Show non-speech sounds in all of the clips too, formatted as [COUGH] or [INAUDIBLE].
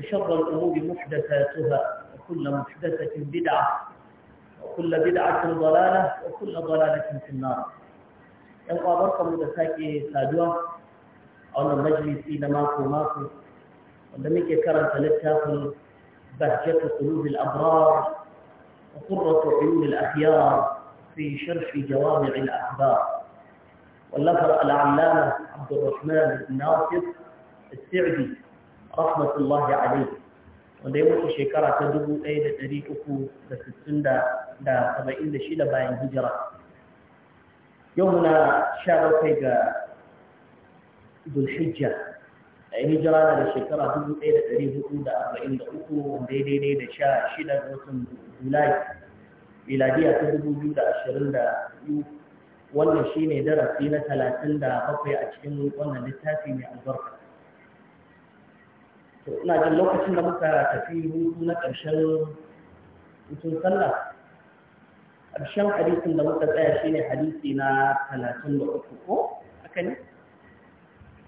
شر الأمور محدثاتها وكل محدثة بدعة وكل بدعة ضلالة وكل ضلالة في النار يلقى بركة مدساكي سادوة أو المجلس إلى ماكو ماكو ولمك كرم ثلاثة بهجة قلوب الأبرار وقرة عيون الأخيار في شرح جوامع الأحبار واللفر العلامة عبد الرحمن بن ناصر السعدي rahmatullahi alaihi wanda ya mutu shekara ta dubu ɗaya da ɗari uku da sittin da saba'in da shida bayan hijira yau muna sha bakwai ga dulhijja a yi hijira na da shekara dubu ɗaya da ɗari hudu da arba'in da uku wanda ya daidai da sha shida ga watan julai miladiya ta dubu biyu da ashirin da biyu wannan shine darasi na talatin da bakwai a cikin wannan littafi mai albarka to ina jin lokacin da muka tafi hutu na ƙarshen hutun sallah ƙarshen hadisin da muka tsaya shine hadisi na talatin da uku ko haka ne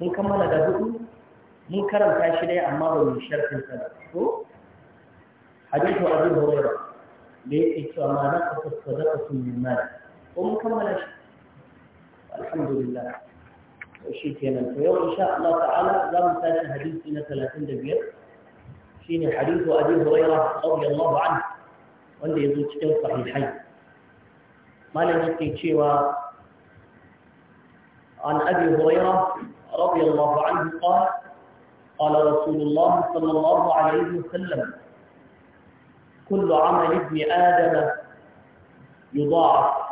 mun kammala da hudu mun karanta shi dai amma ba mu sharfin sa ba ko hadithu abu horar da yake cewa ma na kafa sun yi mara ko mun kammala shi alhamdulillah شيء كمان فيوم إن شاء الله تعالى لم تنسى حديثنا ثلاثين دقيقة في حديث أبي هريرة رضي الله عنه وأنت يزوج كم صحيحين ما لنجد في شيء عن أبي هريرة رضي الله عنه قال قال رسول الله صلى الله عليه وسلم كل عمل ابن آدم يضاعف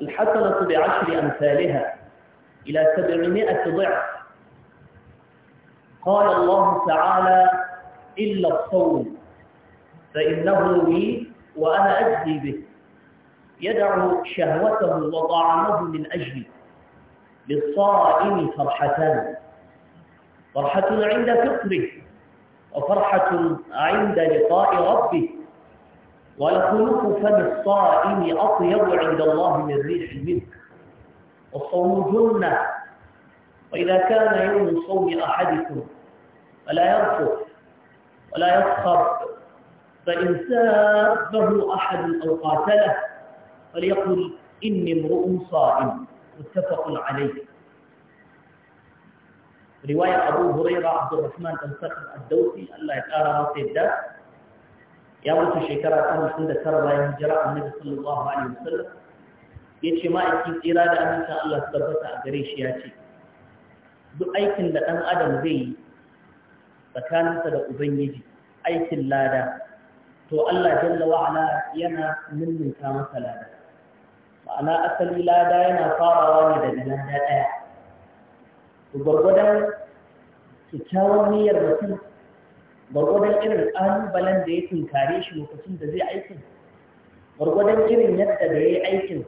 الحسنة بعشر أمثالها إلى سبعمائة ضعف قال الله تعالى إلا الصوم فإنه لي وأنا أجزي به يدع شهوته وطعامه من أجلي للصائم فرحتان فرحة عند فطره وفرحة عند لقاء ربه ولخلق فم الصائم أطيب عند الله من ريح الملك جنة وإذا كان يوم صوم أحدكم فلا يرفض ولا يفخر فإن سابه أحد أو قاتله فليقل إني امرؤ صائم متفق عليه رواية أبو هريرة عبد الرحمن بن صخر الدوسي الله يتعالى رصيد ده يا وسط شكرا أهل سنة ترى ينجرى النبي صلى الله عليه وسلم ya ce ma'aikin tsira da amincin Allah su tabbata a gare shi ya ce duk aikin da ɗan adam zai yi tsakaninsa da ubangiji aikin lada to Allah jalla wa'ala yana ninninka masa lada ma'ana asali lada yana farawa ne daga lada ɗaya to gwargwadon kyakkyawar niyyar mutum gwargwadon irin ƙalubalen da ya tunkare shi lokacin da zai aikin gwargwadon irin yadda da ya yi aikin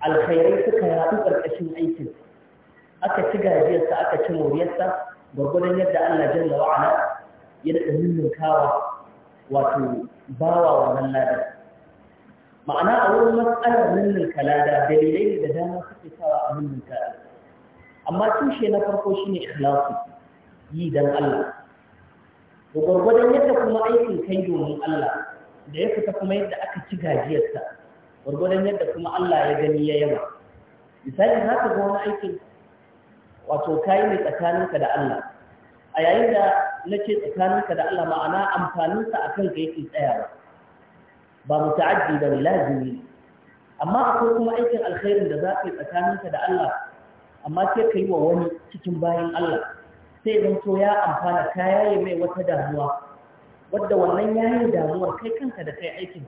alkhairai suka yaɗu ƙarƙashin aikin aka ci gajiyarsa aka ci moriyarsa gwargwadon yadda Allah jalla wa'ala ya daɗa kawa wato bawa wannan ladar ma'ana a wurin matsalar ninninka lada dalilai da dama suke sawa a ninninka amma tushe na farko shine ikhlasu yi dan Allah gwargwadon yadda kuma aikin kai domin Allah da ya fita kuma yadda aka ci gajiyarsa gwargwadon yadda kuma Allah ya gani ya yaba misali za ka ga wani aikin wato kayi ne tsakaninka da Allah a yayin da na ce tsakaninka da Allah ma'ana amfaninsa a kanka yake tsayawa ba muta'addi ba ne lazimi ne amma akwai kuma aikin alkhairin da za ka yi tsakaninka da Allah amma sai ka yi wa wani cikin bayan Allah sai zan ya amfana ka yaye mai wata damuwa wadda wannan yayin damuwar kai kanka da kai aikin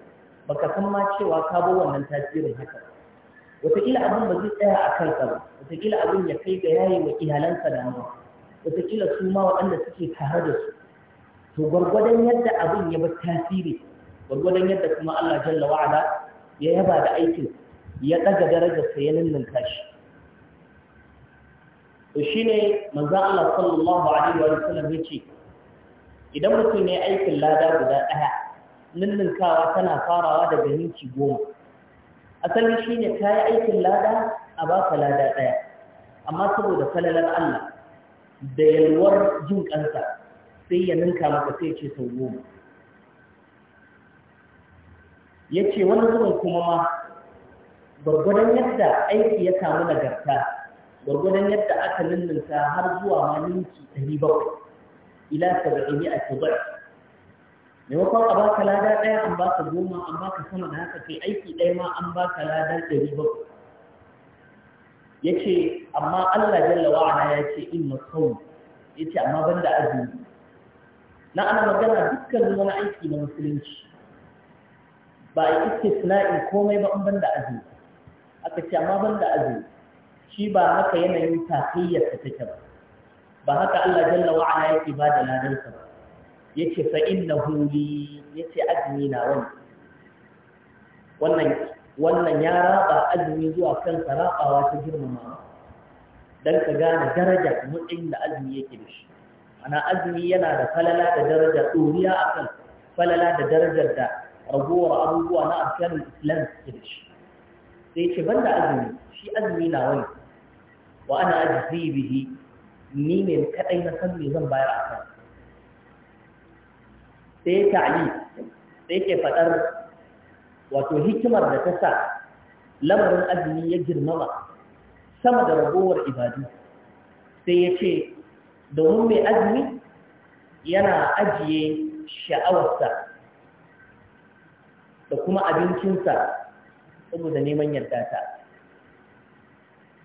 baka san ma cewa ka bar wannan tasirin haka wataƙila abin ba zai tsaya a kanka ba wataƙila abin ya kai ga yayi wa iyalansa damuwa wataƙila su ma waɗanda suke tare da su to gwargwadon yadda abin ya bar tasiri gwargwadon yadda kuma Allah jalla wa'ala ya yaba da aikin ya ɗaga darajarsa ya ninninka shi to shine manzon Allah sallallahu alaihi wa sallam yace idan mutum ne aikin lada guda ɗaya lullunkawa tana farawa daga minti goma asali shine ne ka yi aikin lada a baka lada ɗaya amma saboda falalar Allah da yalwar jin ƙansa sai ya ninka maka sai ce sau goma ya ce wani zuwan kuma ma gwargwadon yadda aiki ya samu nagarta gwargwadon yadda aka lullunta har zuwa ma minti ɗari bakwai ila saba'ini a maimakon a baka lada ɗaya an baka goma an baka sama da haka kai aiki ɗaya ma an baka lada ɗari bakwai ya ce amma Allah jalla wa'ala ya ce inna saum ya ce amma ban da azumi na ana magana dukkan wani aiki na musulunci ba a istisna'i komai ba in ban da azumi aka ce amma ban da azumi shi ba haka yanayin tafiyyarsa take ba ba haka Allah jalla wa'ala yake ba da ladarsa ba fa'in na innahu ya ce azumi na wani wannan ya raba azumi zuwa kansa rabawa ta girmama don ka gane daraja matsayin da azumi yake da shi ana azumi yana da falala da daraja doriya akan falala da darajar da ragowar abubuwa na arkanin islam suke da shi sai ce ban da azumi shi azumi na wani wa ana ajizi bihi ni ne kadai na san me zan bayar a kan sai ta'ali sai ke faɗar wato hikimar da ta sa lamarin azumi ya girmama sama da ragowar ibadu sai ya ce domin mai azumi yana ajiye sha'awarsa da kuma abincinsa saboda neman yarda ta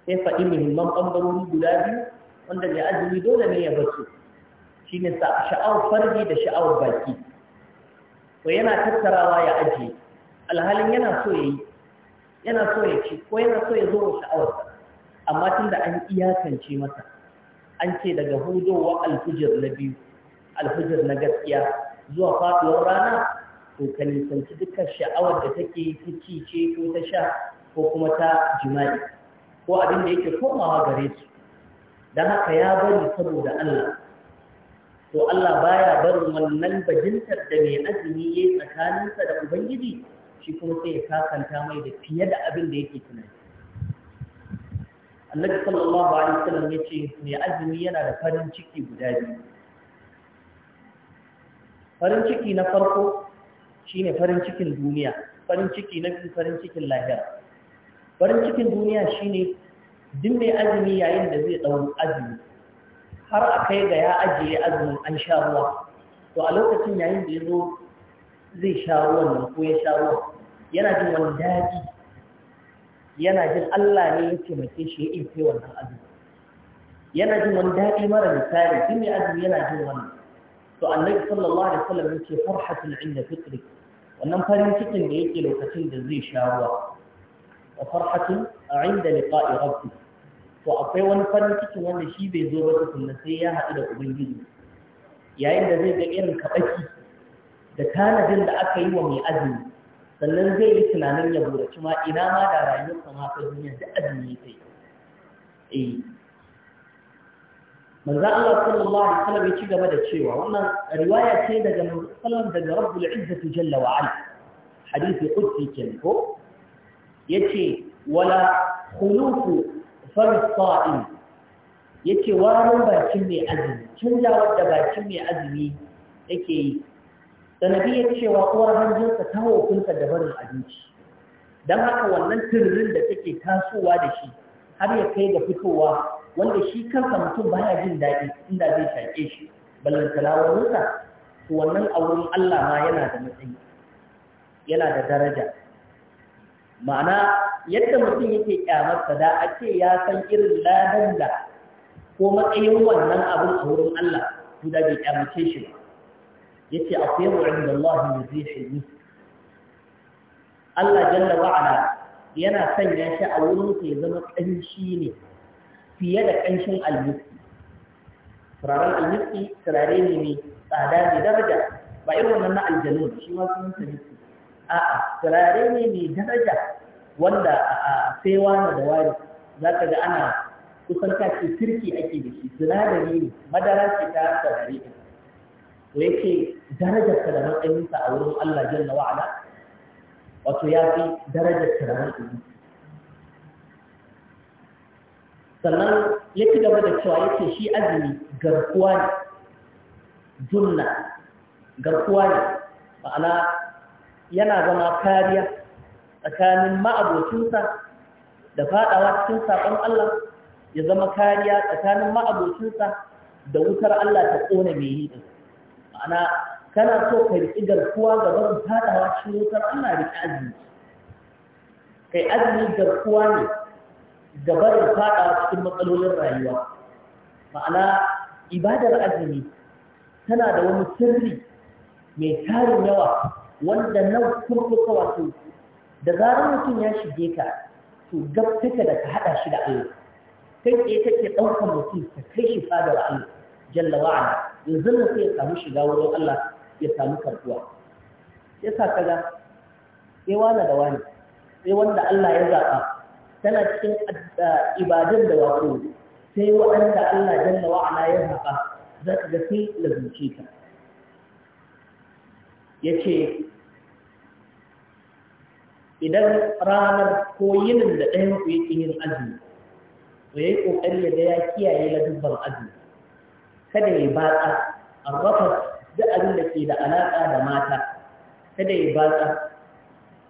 sai faɗi muhimman ɓangarori guda biyu wanda mai azumi dole ne ya basu shine sha'awar farji da sha'awar baki Ko yana tattarawa ya ajiye alhalin yana so ya yi yana so ya ci ko yana so ya zo wa sha'awarsa amma tun da an iyakance masa an ce daga hudowa alfijir na biyu alfijir na gaskiya zuwa faɗuwar rana to ka nisanci dukkan sha'awar da take ta ci ce ko ta sha ko kuma ta jima'i ko abin da yake komawa gare su don haka ya bari saboda Allah to Allah baya barin wannan bajintar da mai azumi yayi tsakaninsa da ubangiji shi kuma sai ya kakanta mai da fiye da abin da yake tunani Annabi sallallahu alaihi wasallam yace mai azumi yana da farin ciki guda biyu farin ciki na farko shine farin cikin duniya farin ciki na biyu farin cikin lahira farin cikin duniya shine duk mai azumi yayin da zai dau azumi har a kai ga ya ajiye azumin an sha ruwa to a lokacin yayin da ya zo zai sha ruwan nan ko ya sha ruwan yana jin wani daɗi yana jin Allah ne ya taimake shi ya iya irfe wannan azumi yana jin wani daɗi mara misali duk mai azumi yana jin wani to annabi sallallahu alaihi wasallam yake farhatul inda fitri wannan farin cikin da yake lokacin da zai sha ruwa wa farhatul inda liqa'i rabbi to akwai wani farin cikin wanda shi bai zo ba tukunna sai ya haɗu da ubangiji yayin da zai ga irin kaɓaki da tanadin da aka yi wa mai azumi sannan zai yi tunanin ya buraci ma ina ma da rayuwarsa ma ta duniya da azumi kai eh manzo Allah sallallahu alaihi wasallam ya ci gaba da cewa wannan riwaya ce daga sallallahu daga Rabbul Izzati jalla wa ala hadisi qudsi kenan ko yace wala khuluqu far yake yace warin bakin mai azumi canja wadda bakin mai azumi yake yi ya cewa uwar hanjinsa ta hukunta da barin abinci don haka wannan tururin da take tasowa da shi har ya kai ga fitowa wanda shi kansa mutum ya jin daɗi inda zai shaƙe shi ballantana waninsa to wannan a wurin Allah ma yana da matsayi yana da daraja ma'ana yadda mutum yake kyamarsa da a ce ya san irin ladan da ko matsayin wannan abin a wurin Allah to da bai kyamace shi ba yace akwai wurin da Allah yuzihi Allah jalla wa ala yana sanya shi a wurin ke zama kanshi ne fiye da kanshin almiski turaren almiski turare ne mai tsada mai daraja ba irin wannan na aljanu shi ma sun sani a'a turare ne mai daraja wanda a sai wani da wani za ka ga ana kusan kashi kirki ake da shi sinadari ne madara ce ta sarari ne. to yake darajar ka da matsayinsa a wurin Allah jalla wa'ala wato ya fi darajar ka da matsayin sannan ya ci gaba da cewa yake shi azumi garkuwa ne junna garkuwa ne ma'ana yana zama kariya tsakanin ma'abocinsa da faɗawa cikin saƙon Allah ya zama kariya tsakanin ma'abocinsa da wutar Allah ta ƙona mai yi ɗin ma'ana kana so ka riƙi garkuwa ga barin faɗawa cikin wutar Allah riƙi azumi kai azumi garkuwa ne ga barin faɗawa cikin matsalolin rayuwa ma'ana ibadar azumi tana da wani sirri mai tarin yawa wanda nan kurkuka wato da zarar mutum ya shige ka to gabtaka da ka haɗa shi da Allah kai tsaye kake ɗaukar mutum ka kai shi da Allah jalla ala yanzu nan sai ya samu shiga wurin Allah ya samu karbuwa yasa sa kaga sai wani da wani sai wanda Allah ya zaɓa tana cikin ah, ibadun da wato sai wanda Allah jalla ala ya zaba za ka ga sai lazumce ka yace idan ranar ko yinin da ɗaya ku yi yin azumi to yi ƙoƙari ya ga ya kiyaye dubban azumi kada ya batsa arrafa duk abin da ke da alaƙa da mata kada ya batsa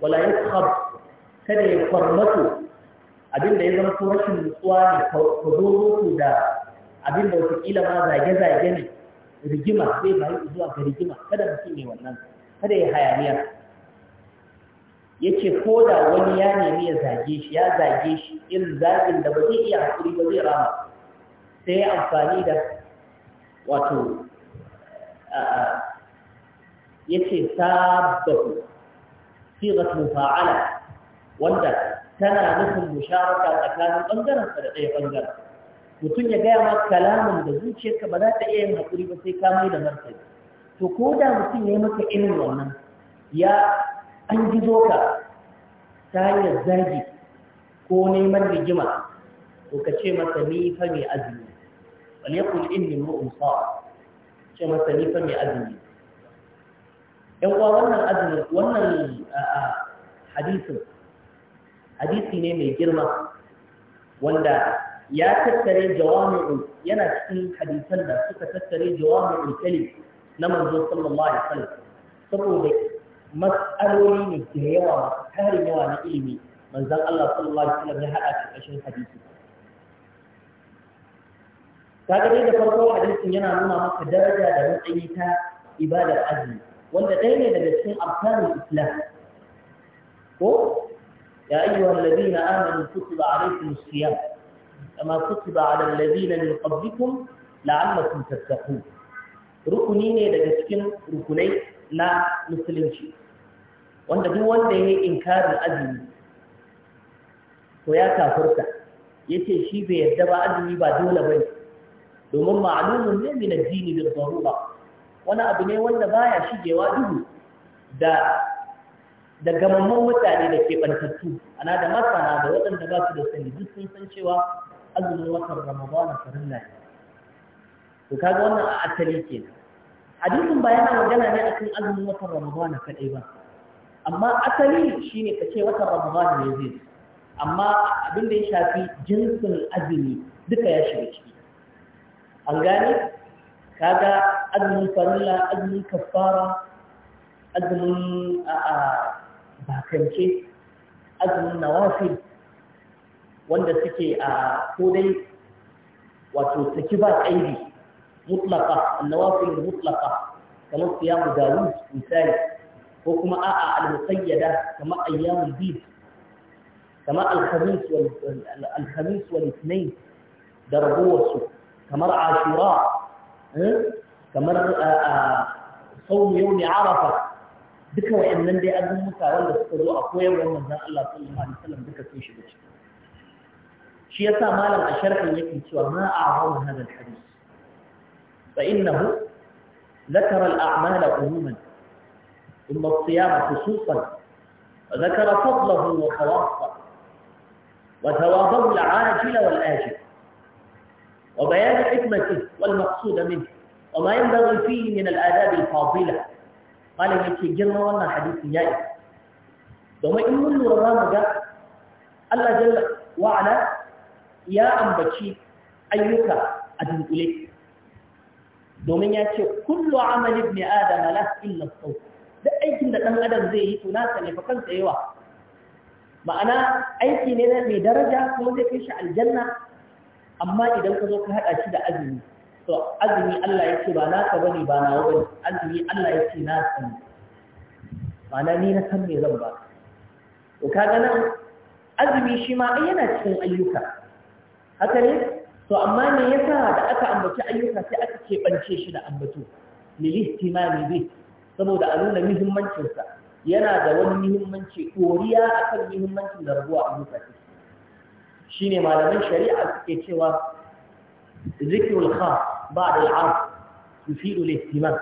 wala ya yakhab kada ya kwarmato abin da ya zama ko rashin nutsuwa ne ka zo da abin da ƙila ma zage-zage ne rigima zai bayi zuwa ga rigima kada mutum ne wannan kada ya hayaniya yace ko da wani ya nemi ya zage shi ya zage shi irin zagin da ba zai iya hakuri ba zai rama sai ya amfani da wato yace sababu sigat mufa'ala wanda tana nufin musharaka tsakanin bangaren sa da ɗaya bangaren mutum ya gaya maka kalamin da zuciyarka ba za ta iya yin hakuri ba sai ka mai da martani to ko da mutum ya yi maka irin wannan ya an gizo ka ta hanyar zargi, ko neman rigima ko ka ce masa ni fa mai azumi Wani wal yakul inni mu'min sa ce masa ni fa mai azumi yan uwa wannan azumi wannan hadisin hadisi ne mai girma wanda ya tattare jawami'ul yana cikin hadisan da suka tattare jawami'ul kalim na manzo sallallahu alaihi wasallam saboda matsaloli ne da yawa tarin yawa na ilimi manzon Allah sallallahu alaihi wasallam ya hada cikin hadisi Ta dai da farko hadisin yana nuna maka daraja da matsayi ta ibadar azumi wanda ɗaya ne daga cikin abkarin islam ko ya ayyuhal ladina amanu kutiba alaykum as-siyam kama kutiba ala alladhina min qablikum la'allakum tattaqun rukuni ne daga cikin rukunai na musulunci wanda duk wanda ya yi inkarin azumi to ya kafurta ya ce shi bai yarda ba azumi ba dole ba ne domin ma'alumin ne min addini bil darura wani abu ne wanda baya shigewa duhu da da gamamman mutane da ke bantattu ana da masana da waɗanda ba su da sani duk sun san cewa azumin watan ramadana farin to kaga wannan a asali ke. hadisin ba yana magana ne akan azumin watan ramadan kadai ba amma asali shine ka ce wata ramadan ne zai amma abin da ya shafi jinsin azumi duka ya shiga ciki an gane kaga azumin farilla azumin kafara azumin bakance azumin nawafil wanda suke a kodai wato saki ba kaidi mutlaka nawafil mutlaka kamar siyamu dawud misali ko kuma a'a al-musayyada kamar ayyamul bid kamar al-khamis wal al-khamis wal ithnain da rabuwarsu kamar ashura eh, kamar saum yawm arafa duka wayannan dai azumuka wanda suka zo a koyarwar manzon Allah sallallahu alaihi wasallam duka sun shiga ciki shi yasa malam a sharhin yake cewa ma a a'awun hadal hadith fa innahu ذكر الأعمال عموما ثم الصيام خصوصا وذكر فضله وخواصه وتواضع العاجل والآجل وبيان حكمته والمقصود منه وما ينبغي فيه من الآداب الفاضلة قال يكي جنة وانا حديث جائز دوما إن من الرامجة الله جل وعلا يا أنبتشي أيك أدن إليك دومين يكي كل عمل ابن آدم له إلا الصوت duk aikin da ɗan adam zai yi to nasa ne fa kansa yawa ma'ana aiki ne na mai daraja kuma zai kai shi aljanna amma idan ka zo ka haɗa shi da azumi to azumi Allah ya ce ba ka bane ba nawa bane azumi Allah ya ce na san ma'ana ni na san me zan ba to kaga nan azumi shi ma ai yana cikin ayyuka haka ne to amma me yasa da aka ambaci ayyuka sai aka keɓance shi da ambato lil ne bihi saboda a nuna muhimmancinsa yana da wani muhimmanci ɗoriya akan muhimmancin da rabuwa a lokaci shi ne malamin shari'a suke cewa zikirul khas ba da al'am yufidu lihtimam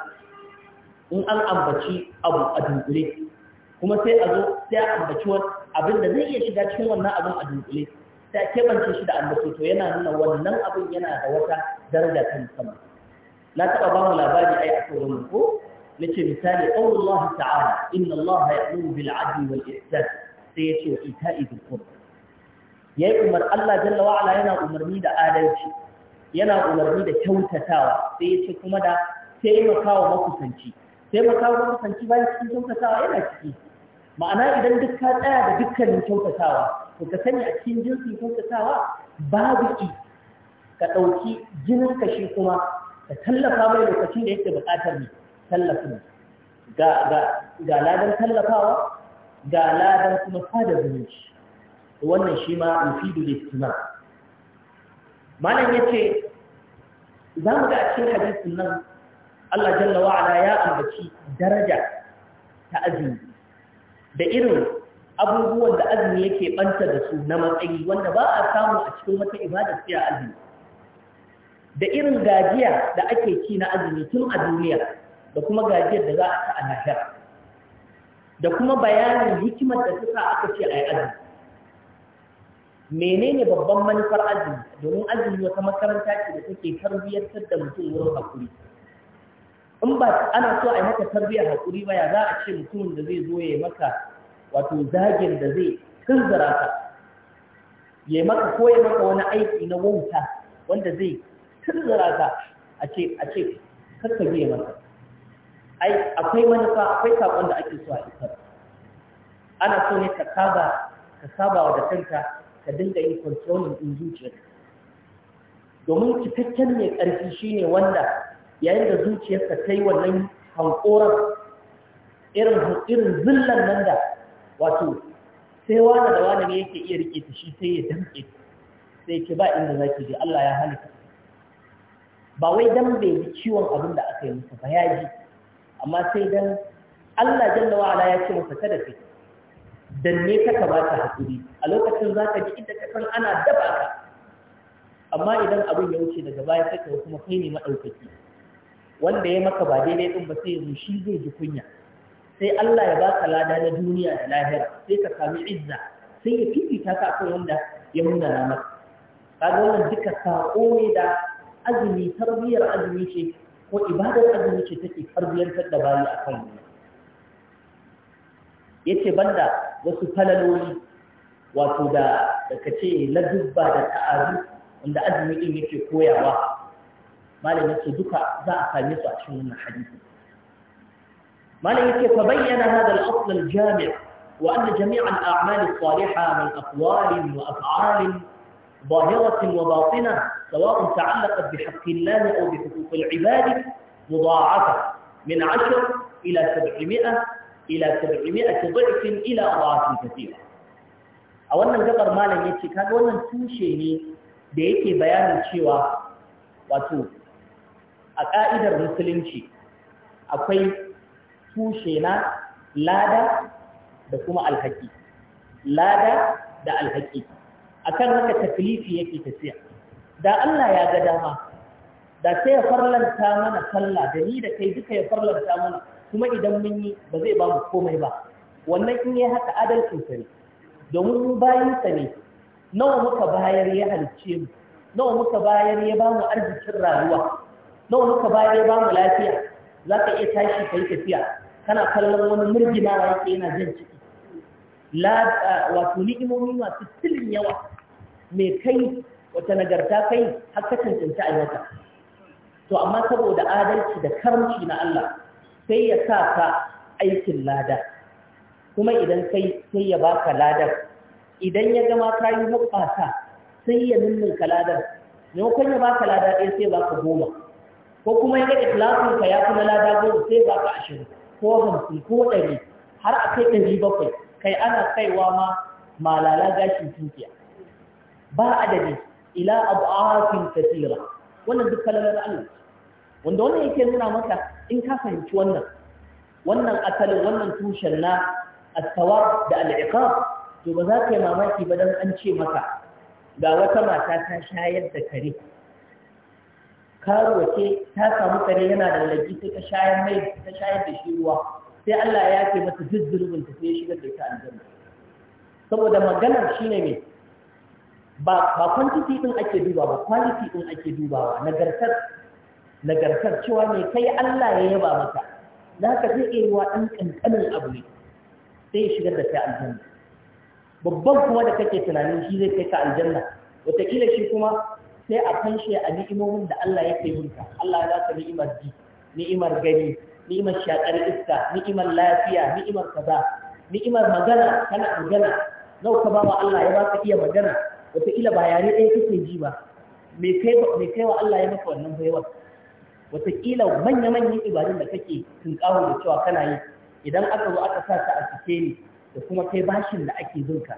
in an ambaci abu a dunkule kuma sai a zo sai a ambaci wani abin da zai iya shiga cikin wannan abin a dunkule sai a keɓance shi da ambaci to yana nuna wannan abin yana da wata daraja ta musamman na taɓa ba mu labari yi a sauran ko نتي مثال قول الله تعالى إن الله يأمر بالعدل والإحسان سيتي وإيتاء ذي القربى يا أمر الله da وعلا ينا أمرني دا آدلتي ينا أمرني دا كوتتاوى سيتي كما دا taimakawa makusanci taimakawa makusanci bayan cikin kyautatawa yana ciki ma'ana idan duk ka tsaya da dukkanin kyautatawa to ka sani a cikin jinsin kyautatawa babu ki ka ɗauki jinin ka shi kuma ka tallafa mai lokacin da yake buƙatar ne tallafin ga ladan tallafawa ga ladan kuma sada zumunci wannan shi ma mufidu da suna malam ya ce za mu ga a cikin hadisin nan Allah jalla wa'ala ya ambaci daraja ta azumi da irin abubuwan da azumi yake banta da su na matsayi wanda ba a samu a cikin wata ibada sai azumi da irin gajiya da ake ci na azumi tun a duniya da kuma gajiyar da za a ta a nashar da kuma bayanin hikimar da ta sa aka ce a yi azumi menene babban manufar azumi domin azumi wata makaranta ce da take tarbiyyantar da mutum wurin hakuri in ba ana so a yi maka tarbiyyar hakuri ba ya za a ce mutumin da zai zo ya yi maka wato zagin da zai tunzura ka ya yi maka ko ya maka wani aiki na wauta wanda zai tunzura ka a ce a ce kakka maka ai akwai fa akwai sakon da ake so a isar ana so ne ka saba ka saba da kanka ka dinga yin controlling din zuciyarka domin cikakken mai ƙarfi shine wanda yayin da zuciyarta ta yi wannan hankoran irin irin zillan nan da wato sai wani da wani ne yake iya rike ta shi sai ya damke sai ke ba inda za ki je Allah ya halitta ba wai dan bai ji ciwon abin da aka yi masa ba ya ji amma sai dan Allah jalla wa ala ya ce masa kada kai dan ne ka baka hakuri a lokacin zaka ji inda ka san ana daba ka amma idan abin ya wuce daga baya sai kuma kai ne madaukaki wanda ya maka ba daidai din ba sai yanzu shi zai ji kunya sai Allah ya baka lada na duniya da lahira sai ka sami izza sai ya fifita ka akan wanda ya nuna na maka kaga wannan duka sako ne da azumi tarbiyar azumi ce ko ibadar azumi ce take tarbiyyantar da bayi a kan ne yace banda wasu falaloli wato da ka ce ladubba da ta'azu wanda azumi din yake koyawa malam yace duka za a same su a cikin wannan hadisi malam yake fa bayyana hada al-asl al-jami' wa anna jami' al-a'mal as-salihah min aqwal wa af'al ظاهرة وباطنة سواء تعلقت بحق الله أو بحقوق العباد مضاعفة من عشر إلى سبعمائة إلى سبعمائة ضعف إلى أضعاف كثيرة أولا ذكر ما لم يتشك هذا أولا توشيني بيكي بيان الشيوى واتو أقائد المسلمشي أقوي توشينا لادا da kuma alhaki lada da alhaki akan haka taklifi yake tafiya da Allah ya ga dama da sai ya farlanta mana sallah da ni da kai duka ya farlanta mana kuma idan mun yi ba zai ba mu komai ba wannan in ya haka adalcin sa ne domin mun bayin sa ne nawa muka bayar ya halicce mu nawa muka bayar ya ba mu arzikin rayuwa nawa muka bayar ya ba mu lafiya za ka iya tashi ka yi tafiya kana kallon wani murginawa yake yana jin ciki wato ni'imomi masu tilin yawa mai kai wata nagarta kai har ka cancanta a to amma saboda adalci da karmci na Allah sai ya sa ka aikin lada kuma idan kai sai ya baka ladar idan ya gama ka yi hukbata sai ya ka ladar maimakon ya baka lada ɗaya sai baka goma ko kuma ya ga ikhlasin ka ya kuma lada goma sai baka ashirin ko hamsin ko ɗari har a kai ɗari bakwai kai ana kaiwa ma malala gashin tunkiya ba adadi ila abu'afin katira wannan duk kalalar Allah wanda wannan yake nuna maka in ka fahimci wannan wannan asalin wannan tushen na attawa da al'iqab to ba za ka yi mamaki ba dan an ce maka ga wata mata ta shayar da kare karuwa ce ta samu kare yana da laji sai ta shayar mai ta shayar da shi ruwa sai Allah ya ce masa duk zunubin ta sai shigar da ita aljanna saboda maganar shine ne ba ba quantity din ake duba ba quality din ake dubawa nagartar nagartar cewa ne kai Allah ya yaba maka da haka zai iya yiwa ɗan ƙanƙanin abu ne sai shigar da kai aljanna babban kuma da kake tunanin shi zai kai ka aljanna wataƙila shi kuma sai a fanshe a ni'imomin da Allah ya kai mulka Allah ya ba ka ni'imar ji ni'imar gani ni'imar shakar iska ni'imar lafiya ni'imar kaza ni'imar magana kana magana nau ka bawa Allah ya baka iya magana wataƙila ba yare ɗaya kake ji ba me kai wa Allah ya maka wannan wata wataƙila manya-manyan ibadun da kake kawo da cewa kana yi idan aka zo aka sa ta a cike ni da kuma kai bashin da ake bin ka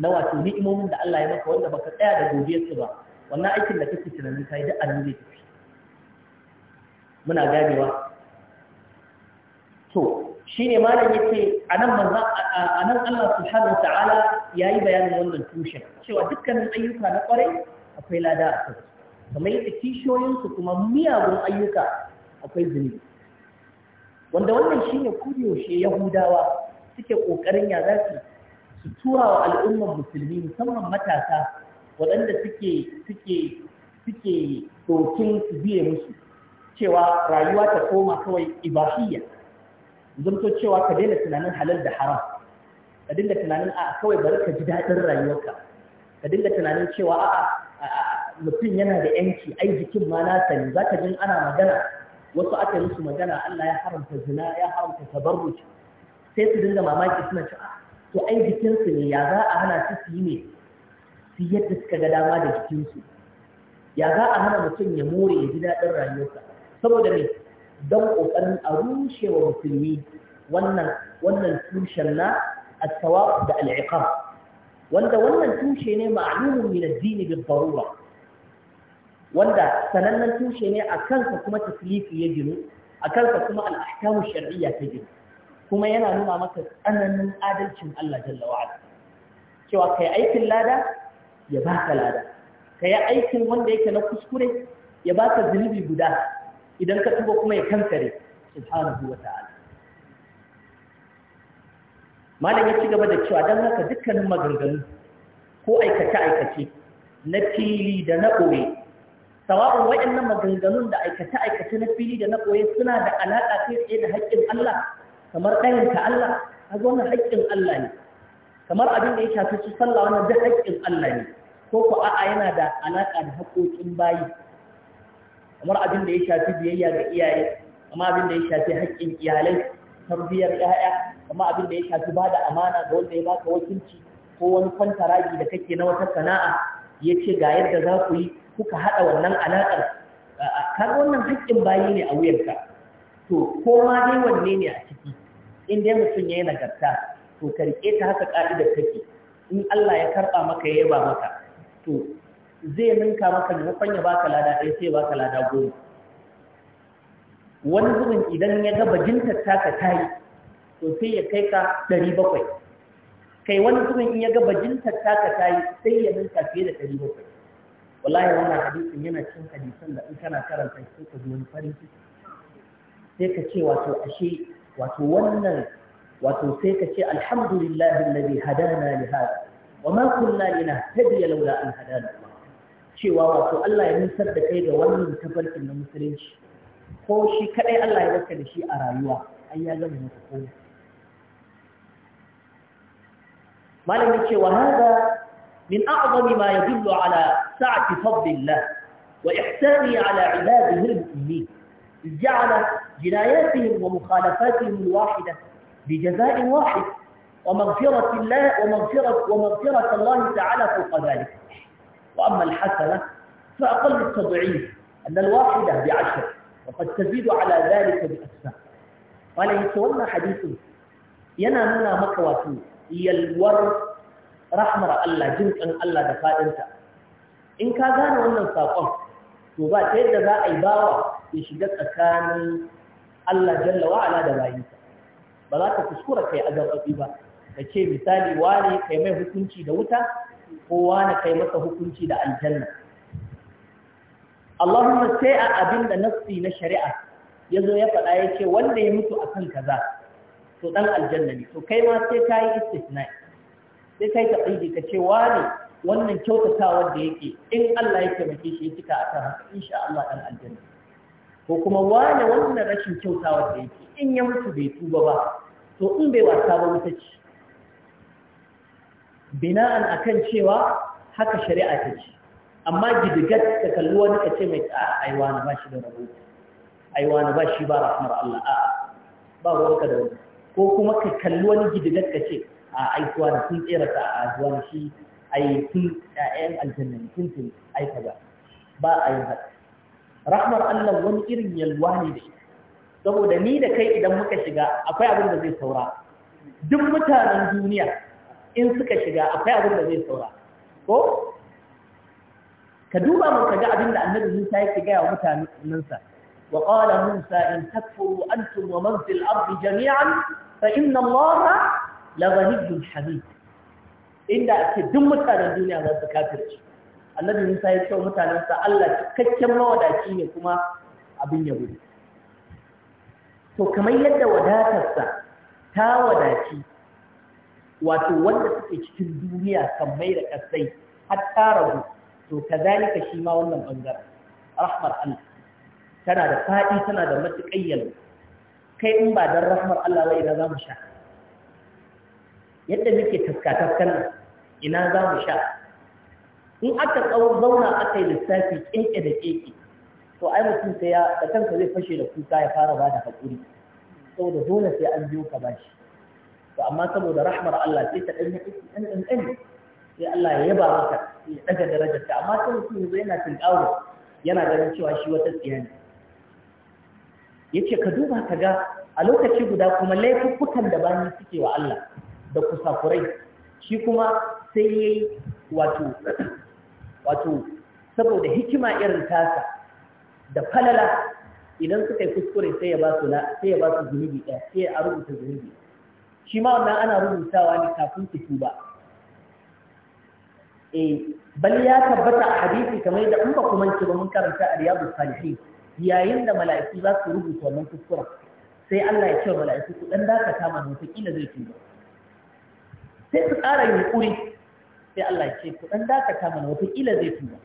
na wato ni'imomin da Allah ya maka wanda baka tsaya da gobe su ba wannan aikin da kake tunanin kai duk annabi tafi muna ganewa to shine malam yace anan a nan Allah subhanahu ya yayi bayanin wannan tushen cewa dukkanin ayyuka na kwarai akwai lada a kai kamar yadda kishiyoyin su kuma miyagun ayyuka akwai zunubi wanda wannan shine kuriyoshe yahudawa suke kokarin ya zasu su tura wa al'ummar musulmi musamman matasa waɗanda suke suke suke dokin su biye musu cewa rayuwa ta koma kawai ibahiyya zamto cewa ka daina tunanin halal da haram ka dinga tunanin a kawai bari ka ji daɗin rayuwarka ka dinga tunanin cewa a mutum yana da yanki ai jikin ma na sani za ka jin ana magana wasu aka yi musu magana Allah ya haramta zina ya haramta tabarruj sai su dinga mamaki suna cewa to ai jikinsu ne ya za a hana su su yi ne su yadda suka ga dama da jikinsu ya za a hana mutum ya more ya ji daɗin rayuwarsa saboda me don ƙoƙarin a rushe wa musulmi wannan wannan tushen na da al wanda wannan tushe ne ma'lumun min ad-din wanda sanannen tushe ne a kansa kuma taslifi ya ginu a kansa kuma al'ahkamu shari'a ta ginu kuma yana nuna maka tsananin adalcin Allah jalla wa'ala cewa kai aikin lada ya baka lada kai aikin wanda yake na kuskure ya baka zunubi guda idan ka tuba kuma ya kankare subhanahu wa ta'ala malam ya ci gaba da cewa dan haka dukkanin maganganu ko aikace-aikace na fili da na ɓoye sawa'un waɗannan maganganun da aikace-aikace na fili da na ɓoye suna da alaƙa kai tsaye da haƙƙin Allah kamar ɗayan ka Allah a wannan haƙƙin Allah ne kamar abin da ya shafi su sallah wannan da haƙƙin Allah ne ko ko a'a yana da alaka da haƙƙoƙin bayi kamar abin da ya shafi biyayya ga iyaye kamar abin da ya shafi haƙƙin iyalai tarbiyyar ƴaƴa kamar abin da ya shafi bada amana ga wanda ya baka wakilci ko wani kwantaragi da kake na wata sana'a ya ce ga yadda za ku yi kuka haɗa wannan alaƙar kaga wannan haƙƙin bayi ne a wuyarka to ko ma dai wanne ne a ciki in dai mutum ya yi nagarta to ka riƙe ta haka ƙa'idar take in Allah ya karɓa maka ya yaba maka to zai ninka maka maimakon ya baka lada ɗaya sai baka lada goma wani zubin idan ya ga bajintar taka ta yi to sai ya kai ka ɗari bakwai kai wani zubin in ya ga bajintar taka ta yi sai ya ninka fiye da ɗari bakwai wallahi wannan hadisin yana cin hadisan da in kana karanta sai ka zuwa wani farin ciki sai ka ce wato ashe wato wannan wato sai ka ce alhamdulillahi alladhi hadana li hada wa ma kunna linahtadiya laula an hadana Allah cewa wato Allah ya nusar da kai ga wannan tafarkin na musulunci ko shi kadai Allah ya baka da shi a rayuwa ai ya zama maka komai malamin cewa hada min a'zami ma yadullu ala sa'ati fadlillah wa ihsani ala ibadihi al-mu'minin جعل جناياتهم ومخالفاتهم الواحدة بجزاء واحد ومغفرة الله ومغفرة, ومغفرة الله تعالى فوق ذلك وأما الحسنة فأقل التضعيف أن الواحدة بعشر وقد تزيد على ذلك بأسفة قال يتولى حديث ينامنا مكواتي يلور rahmar Allah jinkan Allah da faɗinta. in ka gane wannan sakon to ba ta yadda za a yi bawa ya shiga tsakanin Allah jalla wa ala da bayinsa ba za ka kuskura kai azabbi ba ka ce misali wani kai mai hukunci da wuta kowa na kai masa hukunci da aljanna Allahumma sai a abin da nafsi na shari'a ya zo ya faɗa ya ce wanda ya mutu akan kaza to ɗan aljanna ne to kai ma sai ka yi istisna sai ka yi taɓaiji ka ce wane wannan kyautatawar da yake in Allah ya taimake shi ya cika akan haka insha Allah ɗan aljanna ko kuma wane wannan rashin kyautawar da yake in ya mutu bai tuba ba to in bai wasa ba wuta ce bina'an akan cewa haka shari'a ta ce amma gidigat ka kalli wani ka ce mai aiwa na ba shi da rahoto aiwa na ba shi ba rahmar Allah a ba ruwanka da wani ko kuma ka kalli wani gidigat ka ce a aikuwa da sun tsera ta a zuwa shi ai sun ƴaƴan aljanna sun tun aika ba ba a yi haka rahmar Allah wani irin yalwa ne da ita saboda ni da kai idan muka shiga akwai abin da zai saura duk mutanen duniya in suka shiga akwai abin da zai saura ko ka duba mun kaga abin da annabi Musa yake gaya wa mutanen wa qala Musa in takfuru antum wa man fil ardi jami'an fa inna Allah la ghaniyyun hamid inda ake duk mutanen duniya za su kafirci annabi Musa ya ce wa mutanen sa Allah cikakken mawadaci ne kuma abin yabo to kamar yadda wadatarsa ta wadaci wato wanda suke cikin duniya kan mai da kasai har ta rabu to kazalika shi ma wannan bangaren rahmar Allah tana da faɗi tana da matuƙayyar. kai in ba dan rahmar Allah ba ina za mu sha yadda muke taskataskan ina za mu sha in aka zauna aka yi lissafi ƙinƙe da ƙeƙe to ai mutum sai ya da kanka zai fashe da kuka ya fara ba da haƙuri saboda dole sai an biyo ka bashi to amma saboda rahmar Allah sai ta ɗanyi dan ɗan dan sai Allah ya yaba maka ya ɗaga darajar ta amma sai mutum yanzu yana tinƙawo yana ganin cewa shi wata tsiya ne yace ka duba ka ga a lokaci guda kuma laifukan da bani suke wa Allah da kusakurai shi kuma sai yayi wato [CLEARS THROAT] wato saboda hikima irin tasa da falala idan suka yi kuskure sai ya ba su sai ya ba su zunubi ɗaya sai ya rubuta zunubi shi ma wannan ana rubutawa ne kafin fituba eh bal ya tabbata a hadisi kamar da in ba ku manke ba mun karanta a riyadu salihin yayin da mala'iku za su rubuta wannan kuskuren sai Allah ya ce mala'iku ku dan dakata mana wata kila zai tuba sai su ƙara kuri sai Allah ya ce ku dan dakata mana wata kila zai tuba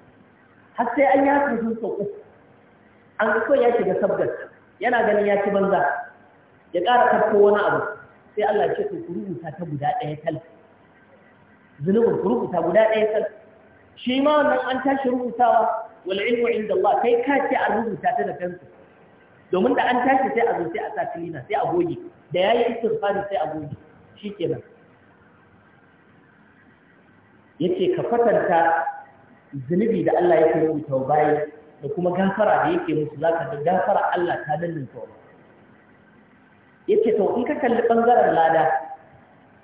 har sai an ya sun so uku an so ya shiga sabgar yana ganin ya ci banza ya ƙara karko wani abu sai Allah ce ku rubuta ta guda ɗaya tal zunubin ku rubuta guda ɗaya tal shi ma wannan an tashi rubutawa wal ilmu inda Allah kai ka ce a rubuta ta da kansu domin da an tashi sai a zo sai a sa kilina sai a goge da yayi istighfari sai a goge shikenan yace ka fatanta zunubi da Allah yake rubuta bayan da kuma gafara da yake musu zaka da gafara Allah ta dallin tsawo yace to in ka kalli ɓangaren lada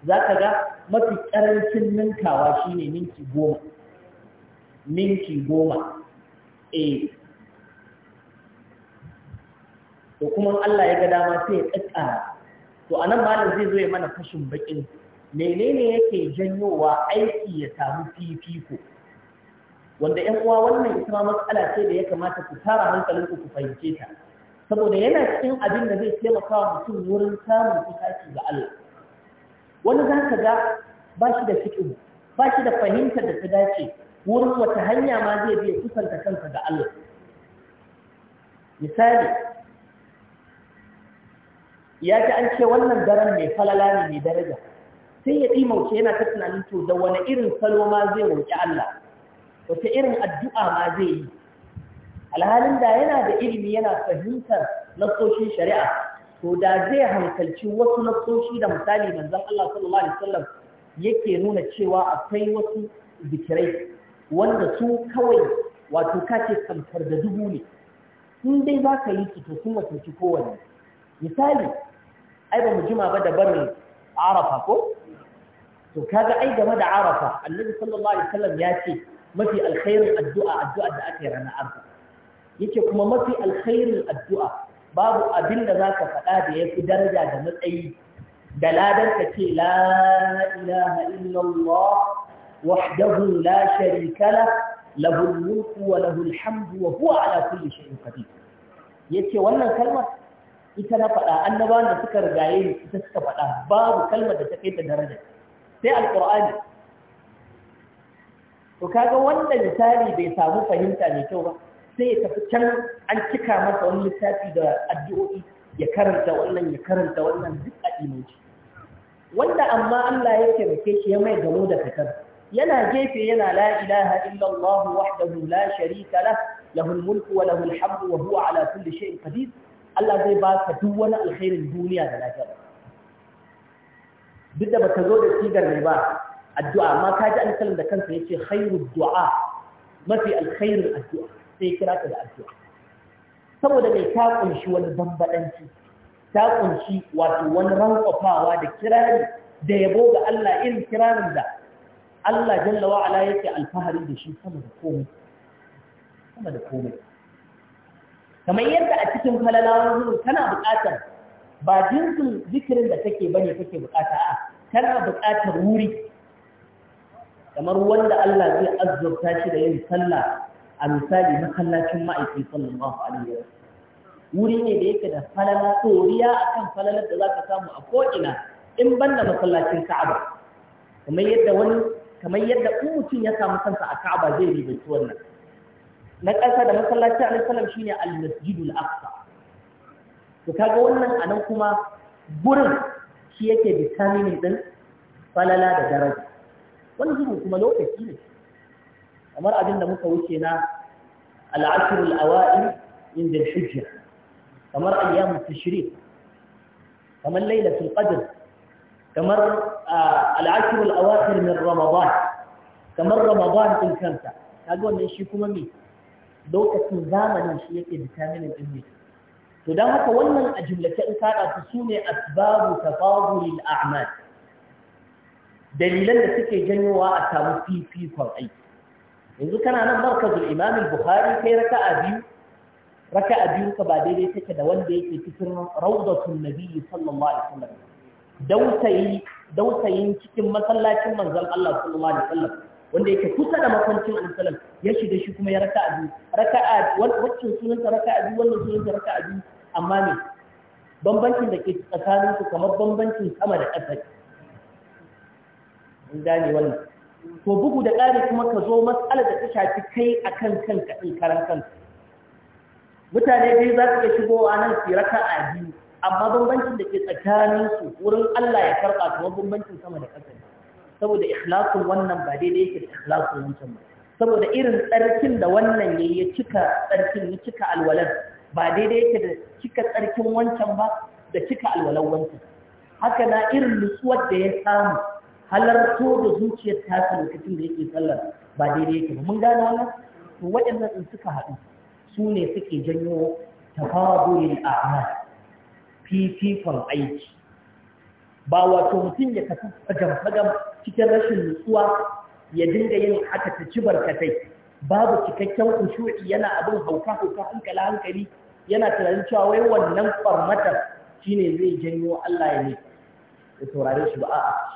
za ka ga mafi karancin ninkawa shine minti goma minti goma a eh. to kuma Allah ya ga dama sai ya kakkara to a nan malam zai zo ya mana fashin baƙin? menene yake janyowa aiki ya samu fifiko wanda 'yan uwa wannan ita ma matsala ce da ya kamata ku tara hankalinku ku fahimce ta saboda yana cikin abin da zai taimaka wa mutum wurin samun kusaci ga Allah wani za ka ga ba shi da fiƙi ba shi da fahimtar da ta dace wurin wata hanya ma zai biya kusanta kansa ga Allah misali ya ji an ce wannan daren mai falala ne mai daraja sai ya ɗimauce yana ta tunanin to da wani irin salo ma zai roƙi Allah wata irin addu'a ma zai yi alhalin da yana da ilimi yana fahimtar nassoshin shari'a to da zai hankalci wasu nassoshi da misali manzon Allah sallallahu alaihi wasallam yake nuna cewa akwai wasu zikirai wanda su kawai wato kace kamfar da dubu ne in dai ba ka yi su to sun kowanne misali ai ba mu jima ba da barin arafa ko to kaga ai game da arafa annabi sallallahu alaihi wasallam ya ce mafi alkhairin addu'a addu'a da aka yi ranar arafa yake kuma mafi alkhairin addu'a babu abin da zaka ka faɗa da yafi daraja da matsayi da ladan ka ce la ilaha illallah wahdahu la sharika la lahu al mulku wa lahu al hamdu wa huwa ala kulli shay'in qadir yace wannan kalmar ita na faɗa annabawan da suka rigaye ita suka faɗa babu kalmar da ta kai ta daraja sai alqur'ani to kaga wannan misali bai samu fahimta ne kyau ba sai ya tafi can an cika masa wani littafi da addu'o'i ya karanta wannan ya karanta wannan duk a imanci wanda amma Allah ya taimake shi ya mai gamo da fitar yana gefe yana la ilaha illa wahdahu la sharika lah lahul mulku wa lahul hamdu wa huwa ala kulli shay'in qadir Allah zai ba ka duk wani alkhairin duniya da lafiya duk da baka zo da sigar mai ba addu'a amma ji an da kansa yace khairu du'a mafi alkhairin addu'a sai kira ka da addu'a saboda mai ta kunshi wani bambadanci ta kunshi wato wani rankwafawa da kirari da yabo ga Allah irin kirarin da Allah jalla wa ala yake alfahari da shi sama da komai sama da komai kamar yadda a cikin falalawar zuru tana buƙatar ba jinsin zikirin da take bane take buƙata a tana buƙatar wuri kamar wanda Allah zai azurta shi da yin sallah a misali masallacin ma'aikin sallallahu alaihi wa wuri ne da yake da falala koriya akan falalar da zaka samu a ko'ina in banda masallacin Ka'aba kamar yadda wani kamar yadda mutum ya samu kansa a Ka'aba zai ribanci wannan na ƙasa da masallacin Annabi sallam shine al-Masjidul Aqsa to kaga wannan anan kuma gurin shi yake determining din falala da daraja wani zubin kuma lokaci ne kamar abinda muka wuce na al'ashirul awa'il inda hijja kamar ayyamu tashrik kamar lailatul qadr kamar al'ashirul awakhir min ramadan kamar ramadan din kanta kaga wannan shi kuma me lokacin zamanin shi yake determining din ne to dan haka wannan a jumlace in kada su sune asbabu tafadulil a'mal dalilan da suke janyowa a samu fifikon aiki yanzu kana nan markazul imam al-bukhari kai raka'a biyu raka'a biyu ka ba daidai take da wanda yake cikin rawdatul nabi sallallahu alaihi wasallam dausayi dausayin cikin masallacin manzon Allah sallallahu alaihi wasallam wanda yake kusa da makwancin annabi ya shiga shi kuma ya raka'a biyu raka'a wacce ta raka'a biyu wannan ta raka'a biyu amma ne bambancin da ke tsakanin su kamar bambancin sama da ƙasa mun gane wannan to bugu da ƙari kuma ka zo matsalar da ta shafi kai a kan kanka ɗin karan kanka mutane biyu za su iya shigowa nan su raka a biyu amma bambancin da ke tsakanin su wurin Allah ya karɓa kuma bambancin sama da ƙasa saboda ikhlasun wannan ba daidai yake da ikhlasun wancan ba saboda irin tsarkin da wannan ne ya cika tsarkin ya cika alwalan ba daidai yake da cika tsarkin wancan ba da cika alwalan wancan haka na irin nutsuwar da ya samu halarto da zuciyar tasa lokacin da yake sallar ba daidai yake ba mun gane wannan to waɗannan in suka haɗu su ne suke janyo tafadulil a'mal fifikon aiki ba wato mutum ya kasu fagam-fagam cikin rashin nutsuwa ya dinga yin haka ta ci barkatai babu cikakken kushu'i yana abin hauka-hauka hankali-hankali yana tunanin cewa wai wannan farmatar shine zai janyo Allah ya ne da taurari shi ba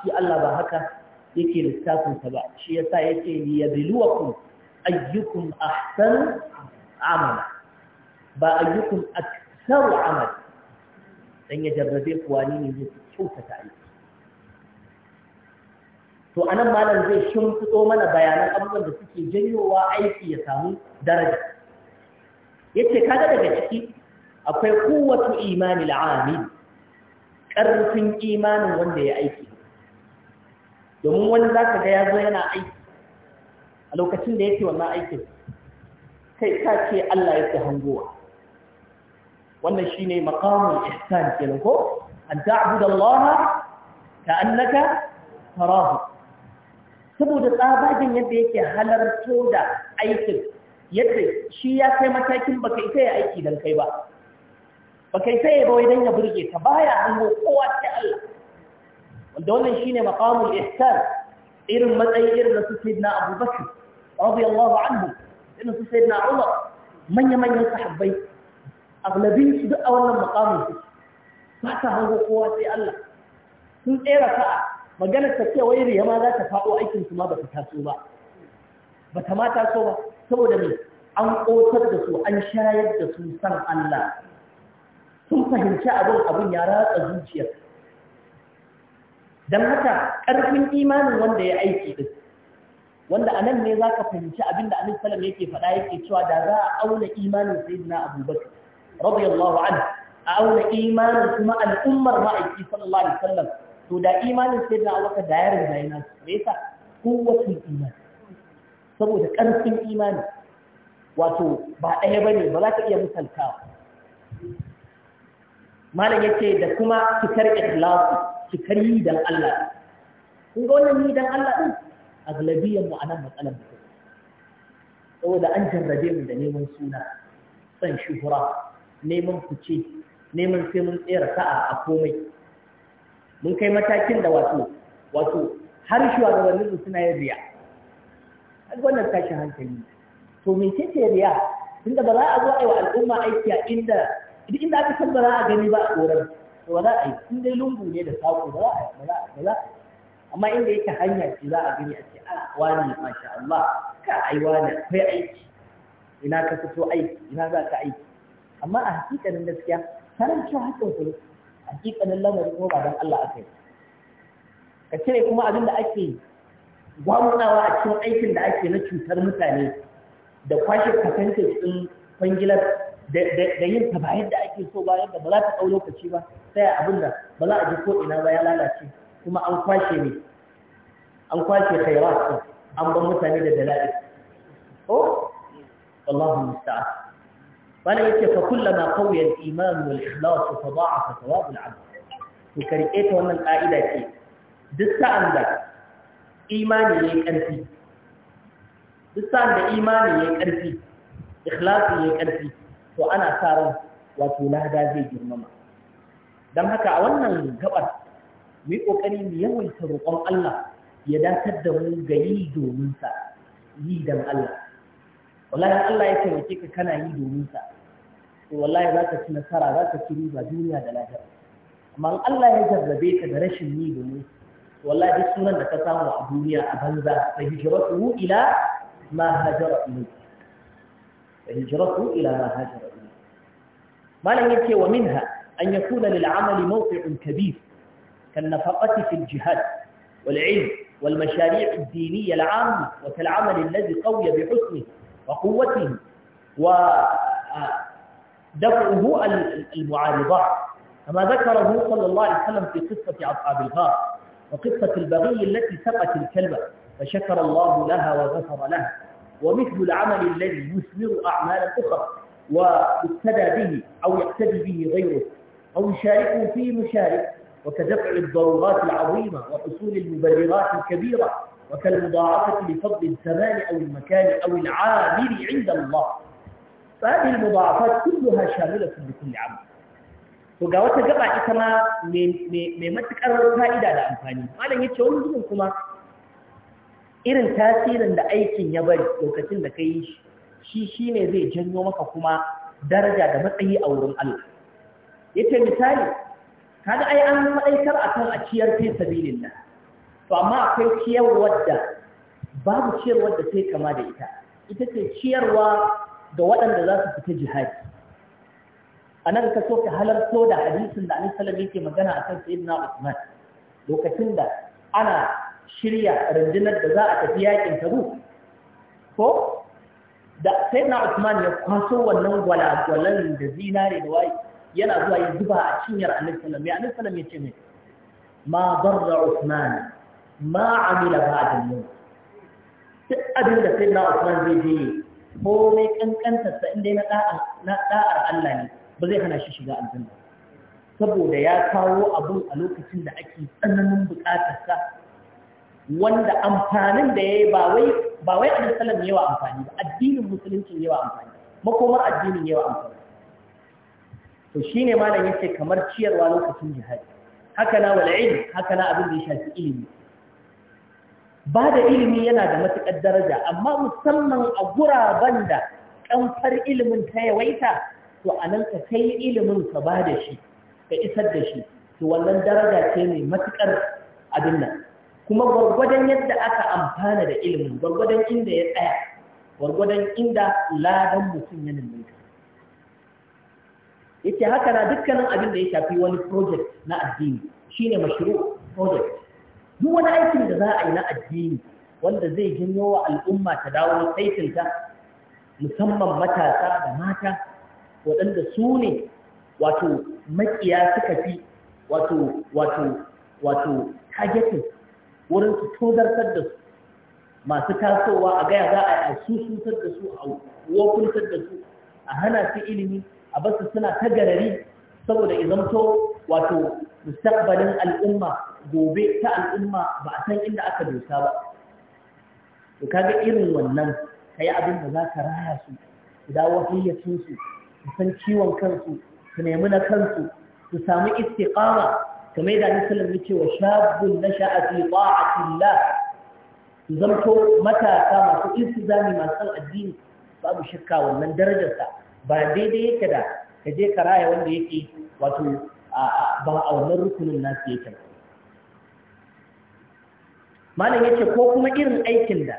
shi Allah ba haka yake lissafin sa ba shi yasa yake yabluwakum ayyukum ahsan amala ba ayyukum aktsaru amal dan ya jarrabe ku wani ne zai kyautata aiki to anan malam zai shimfito mana bayanan abubuwan da suke janyowa aiki ya samu daraja yace kaga daga ciki akwai kuwatu imani al'amil ƙarfin imanin wanda ya aiki domin wani za ka ga ya zo yana aiki a lokacin da yake wannan aikin kai ka ce Allah yake hangowa wannan shi ne makamun ihsan kenan ko an ta'budu Allah ka annaka saboda tsabagen yadda yake halarto da aikin yadda shi ya kai matakin baka ita ya aiki dan kai ba ba kai sai yabo idan ya burge ta baya hango kowa ta Allah wanda wannan shine maqamul ihsan irin matsayi irin na sayyidina Abu Bakr radiyallahu anhu irin su sayyidina Umar manya manyan sahabbai aglabin su duk a wannan maqamin su ba ta hango kowa sai Allah sun tsera ka magana ta ce wai riya ma za ta faɗo aikin su ma ba ta taso ba ba ta ma taso ba saboda me an ƙotar da su an shayar da su san Allah sun fahimci abin abin ya ratsa zuciyar don haka ƙarfin imanin wanda ya aiki su, wanda a nan ne za ka fahimci abin da anis salam yake faɗa yake cewa da za a auna imanin sayyidina abubakar radiyallahu an a auna imanin kuma al'ummar ma'aiki sallallahu alaihi to da imanin sayyidina abubakar da ya rinjaye nasu me yasa kuwatul iman saboda ƙarfin imani wato ba ɗaya bane ba za ka iya misaltawa malam ce da kuma cikar ikhlasi cikar yi dan Allah kun ga wannan yi dan Allah din aglabiyyar mu anan matsalar mu saboda an jarrabe mu da neman suna san shuhura neman fice neman sai mun tsere sa'a a komai mun kai matakin da wato wato har shugabannin suna yin riya an wannan tashin hankali to me ce riya tunda ba za a zo a yi wa al'umma aiki a inda duk inda aka san ba za a gani ba a tsoron to ba za a yi in dai lungu ne da sako ba za a yi ba za a yi amma inda yake hanya ce za a gani a ce a ah, wani masha Allah ka ai wani akwai aiki ina ka fito aiki ina za ka aiki amma a hakikanin gaskiya sanar cewa hakan ku hakikanin lamarin kuma ba don Allah aka yi ka cire kuma abin da ake gwamnawa a cikin aikin da ake na cutar mutane da kwashe kasance cikin kwangilar da yin ta ba yadda ake so ba yadda ba za ta ɗau lokaci ba sai abin da ba za a ji ko ina ba ya lalace kuma an kwashe ne an kwashe kaiwa an ban mutane da dala'i ko wallahu musta'an Wani yake fa kullama qawiya al-iman wal ikhlas fa da'afa thawab al-'abd to karke ta wannan ka'ida ce duk sa'an da imani yayi karfi duk sa'an da imani yayi karfi ikhlasi yayi karfi to ana sa ran wato lada zai girmama don haka a wannan gabar mu yi ƙoƙari mu yawaita roƙon Allah ya datar da mu ga yi domin sa yi dan Allah wallahi Allah ya taimake ka kana yi domin sa to wallahi za ka ci nasara za ka ci riba duniya da lahira amma Allah ya jarrabe ka da rashin yi domin wallahi duk sunan da ka samu a duniya a banza fa hijratuhu ila ma hajara ilayhi هجرته إلى ما هاجر إليه ما لم يكي ومنها أن يكون للعمل موقع كبير كالنفقة في الجهاد والعلم والمشاريع الدينية العامة وكالعمل الذي قوي بحسنه وقوته ودفعه المعارضات كما ذكره صلى الله عليه وسلم في قصة أصحاب الغار وقصة البغي التي سقت الكلبة فشكر الله لها وغفر لها ومثل العمل الذي يثمر أعمالا أخرى ويقتدى به أو يقتدي به غيره أو يشاركه فيه مشارك وكدفع الضرورات العظيمة وحصول المبررات الكبيرة وكالمضاعفة لفضل الزمان أو المكان أو العامل عند الله فهذه المضاعفات كلها شاملة لكل عمل to ga كما من ita فائدة mai أنفاني قال إن amfani malam yace irin tasirin da aikin ya bari lokacin da ka yi shi shi shi ne zai janyo maka kuma daraja da matsayi a wurin Allah ya ce misali kaga ai an ma'aikar a kan a ciyar fi sabilin nan to amma akwai ciyarwar da babu ciyarwar da sai kama da ita ita ce ciyarwa ga waɗanda za su fita jihadi a nan ka so ka halarto da hadisin da annabi sallallahu alaihi yake magana akan sayyidina Usman lokacin da ana shirya rundunar da za a tafi yakin tabu ko da sai na Usman ya kwaso wannan gwalagwalan da zinare da waye yana zuwa ya zuba a cinyar Annabi sallallahu alaihi wasallam Annabi sallallahu alaihi ma darra Usman ma amila ba'da yau duk abin da sai na Usman zai je ko mai kankanta sa inda na da'a na da'ar Allah ne ba zai hana shi shiga aljanna saboda ya kawo abun a lokacin da ake tsananin bukatar sa wanda amfanin da yayi ba wai ba wai annabi sallallahu alaihi wasallam amfani ba addinin musulunci yawa amfani makomar addinin yawa amfani to shi shine malam yace kamar ciyarwa lokacin jihadi haka na wal ilm haka na abin da ya shafi ilimi ba da ilimi yana da matuƙar daraja amma musamman a guraben da ƙamfar ilimin ta yawaita to a nan ka kai ilimin ka ba da shi ka isar da shi to wannan daraja ce mai matuƙar abin nan kuma gwargwadon yadda aka amfana da ilimin gwargwadon inda ya tsaya gwargwadon inda ladan mutum ya nuna Ita haka na dukkanin abin da ya shafi wani project na addini shine mashru project duk wani aikin da za a yi na addini wanda zai janyo wa al'umma ta dawo saitinta musamman matasa da mata waɗanda su ne wato makiya suka fi wato wato wato targeting wurin su tozartar da su masu tasowa a gaya za a yi susuntar da su a wakuntar da su a hana su ilimi a basu suna ta garari saboda izamto wato mustaqbalin al'umma gobe ta al'umma ba a san inda aka dosa ba to kaga irin wannan kai abin da za ka raya su su dawo su su san ciwon kansu su nemi na kansu su samu istiqama kamar yadda ni sallallahu alaihi ya ce wa shabun nasha'a fi su zamto matasa masu iltizami masu san addini babu shakka wannan darajarsa ba daidai yake da ka ka raya wanda yake wato ba a wannan rukunin nasu yake ba malam yace ko kuma irin aikin da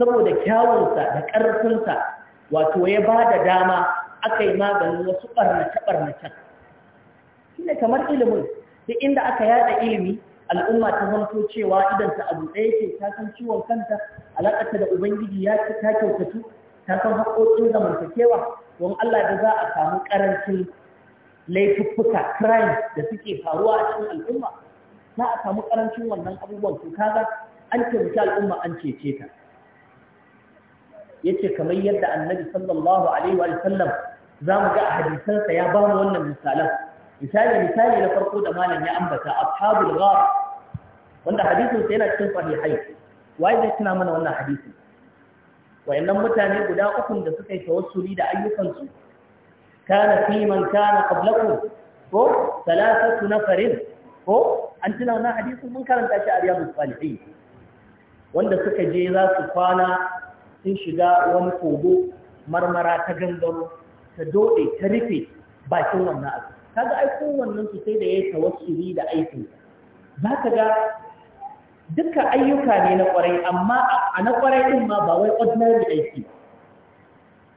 saboda kyawunsa da ƙarfinsa wato ya ba da dama aka yi maganin wasu ɓarnace-ɓarnacen shine kamar ilimin duk inda aka yada ilimi al'umma ta zanto cewa idan ta abu ɗaya ke ta san ciwon kanta alaƙarta da ubangiji ya ci ta kyautatu ta san haƙoƙin zamantakewa don Allah da za a samu ƙarancin laifuffuka crime da suke faruwa a cikin al'umma za a samu ƙarancin wannan abubuwan to kaga an taimaki al'umma an cece ta yace kamar yadda annabi sallallahu alaihi wa sallam za mu ga a hadisansa ya ba mu wannan misalan misali misali na farko da malam ya ambata ashabul ghar wanda hadisin sai yana cikin sahihai wai da tuna mana wannan hadisin wayannan mutane guda uku da suka yi tawassuli da ayyukan su kana fi man kana qablakum ko thalathatu nafarin ko an tuna wannan hadisin mun karanta shi a riyadus salihin wanda suka je za su kwana sun shiga wani kogo marmara ta gangaro ta dode ta rufe bakin wannan abu kaga ai kowannen su sai da yayi tawassuli da aikin zaka ga duka ayyuka ne na kwarai amma a na kwarai din ma ba wai ordinary aiki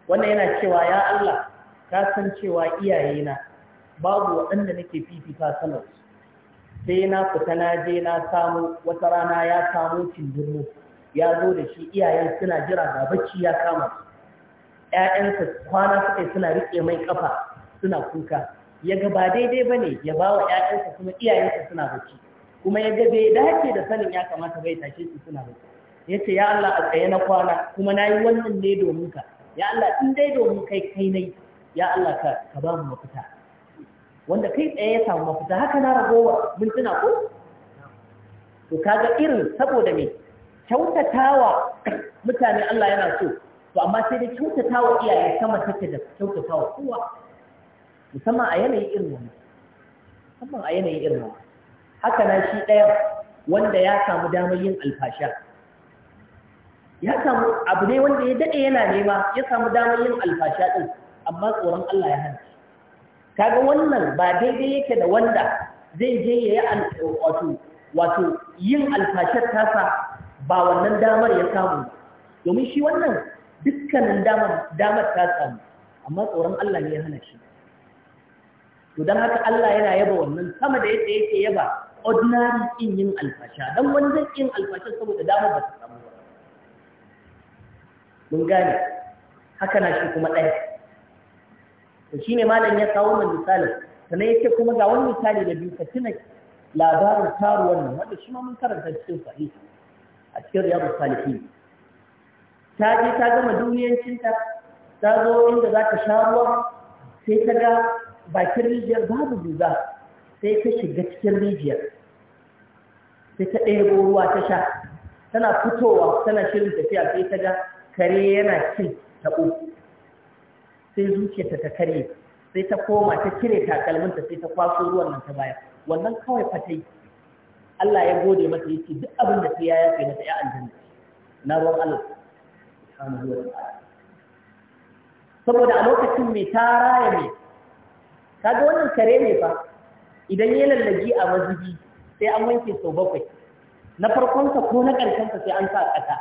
wannan yana cewa ya Allah ka san cewa iyayena babu waɗanda nake fifita sanar sai na fita na je na samu wata rana ya samu cindirmo ya zo da shi iyayen suna jira ga bacci ya kama su ƴaƴansa kwana suka suna rike mai ƙafa suna kuka ya ga ba daidai ba ne ya ba wa ‘ya'yansa kuma iyayensa suna bacci kuma ya ga bai dace da sanin ya kamata bai tashe su suna bacci ya ce ya Allah a tsaye na kwana kuma na yi wannan ne domin ka ya Allah in dai domin kai kai nai ya Allah ka ka ba mu mafita wanda kai tsaye ya samu mafita haka na ragowa mun tuna ko to kaga irin saboda me kyautatawa mutane Allah yana so to amma sai dai kyautatawa iyaye sama take da kyautatawa kowa musamman a yanayi irin wani, musamman a yanayi irin wani, haka na shi ɗaya wanda ya samu damar yin alfasha ya samu abu ne wanda ya daɗe yana nema ya samu damar yin alfasha ɗin amma tsoron Allah ya hana kaga wannan ba daidai yake da wanda zai je ya yi wato wato yin alfashar tasa ba wannan damar ya samu domin shi wannan dukkanin damar damar ta samu amma tsoron Allah ne ya hana shi to dan haka Allah yana yaba wannan sama da yadda yake yaba ordinary din yin alfasha dan wani zai yin alfasha saboda damar ba ta samu ba mun gane haka na shi kuma ɗaya to shine malam ya kawo mun misali sannan yake kuma ga wani misali da biyu ka tuna labarin taruwar nan wanda shi ma mun karanta cikin sahih a cikin riyadu salihin ta je ta gama duniyancinta ta zo inda za ta sha ruwa sai ta ga bakin rijiyar babu guza sai ta shiga cikin rijiyar sai ta ɗebo ruwa ta sha tana fitowa tana shirin tafiya sai ta ga kare yana cin taɓo sai zuciyarta ta karye sai ta koma ta kire takalminta sai ta kwaso ruwan nan ta baya wannan kawai fatai Allah ya gode mata yace duk abin da ta ya yafe mata ya aljanna na ruwan Allah saboda a lokacin mai ta raya mai kaga wannan kare ne fa idan ya lallaji a mazubi sai an wanke sau bakwai na farkonsa ko na ƙarshensa sai an sa ƙasa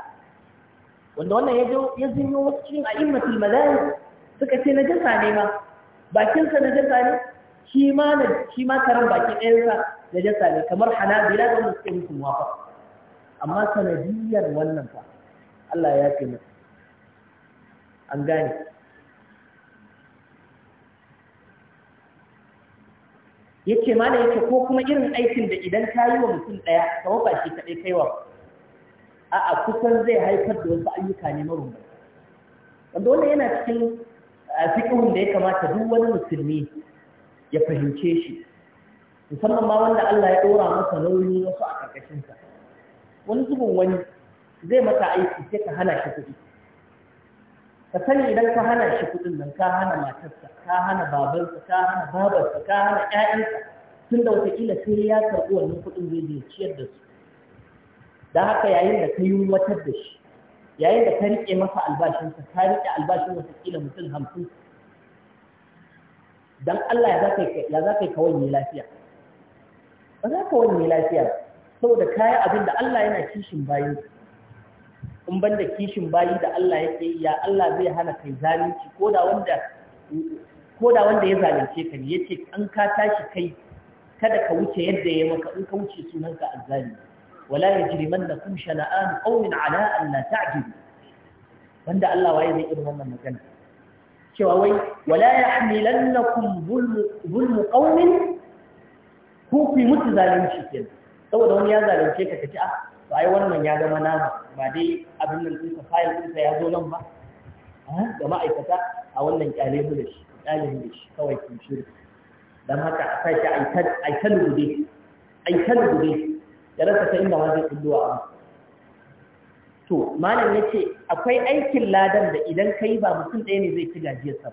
wanda wannan ya jo ya zinyo wasu cikin a'immatul madani suka ce na jasa ne ma bakinsa na jasa ne shi ma na shi ma karan baki ɗayansa na jasa ne kamar hanabila da wanda suke musu wafa. amma sanadiyar wannan fa Allah ya fi an gane yake ma da yake ko kuma irin aikin da idan ka yi wa mutum ɗaya kamar baki kaɗai kai kaiwa a a kusan zai haifar da wasu ayyuka ne marumba wanda wannan yana cikin ah, fiqhun da ya kamata duk wani musulmi ya fahimce shi musamman ma wanda Allah ya ɗora masa nauyi wasu a ƙarƙashinsa wani zubin wani zai mata aiki sai ka hana shi kuɗi ka sani idan ka hana shi kuɗin nan ka hana matarsa ka hana babansa ka hana babarsa ka hana ƴaƴansa tun da wataƙila sai ya karɓi wannan kuɗin zai je ciyar da su da haka yayin da ka yunwatar da shi yayin da ka riƙe masa albashinsa ka riƙe albashin wataƙila mutum hamsin dan Allah ya za ka yi ka wanye lafiya ba za ka wani lafiya saboda kayi abin da Allah yana kishin bayansa in ban da kishin bayi da Allah yake yi ya Allah zai hana kai zalunci ko da wanda ko da wanda ya zalunce ka ne yace an ka tashi kai kada ka wuce yadda ya maka in ka wuce sunanka azzalimi wala yajrimannakum shana'an qawmin ala an la ta'dilu wanda Allah waye zai irin wannan magana cewa wai wala yahmilannakum zulmu qawmin ku fi mutu zalunci kenan saboda wani ya zalunce ka kace ah to ai wannan ya zama nama ba dai abin nan ɗinsa fayil ɗinsa ya zo nan ba ga ma'aikata a wannan ƙyale mu da shi ƙyale mu da shi kawai kin shiri don haka a sa shi aikan gude ta gude ya rasa ta inda wani kulluwa a to malam ya ce akwai aikin ladan da idan kai ba mutum ɗaya ne zai ci gajiyarsa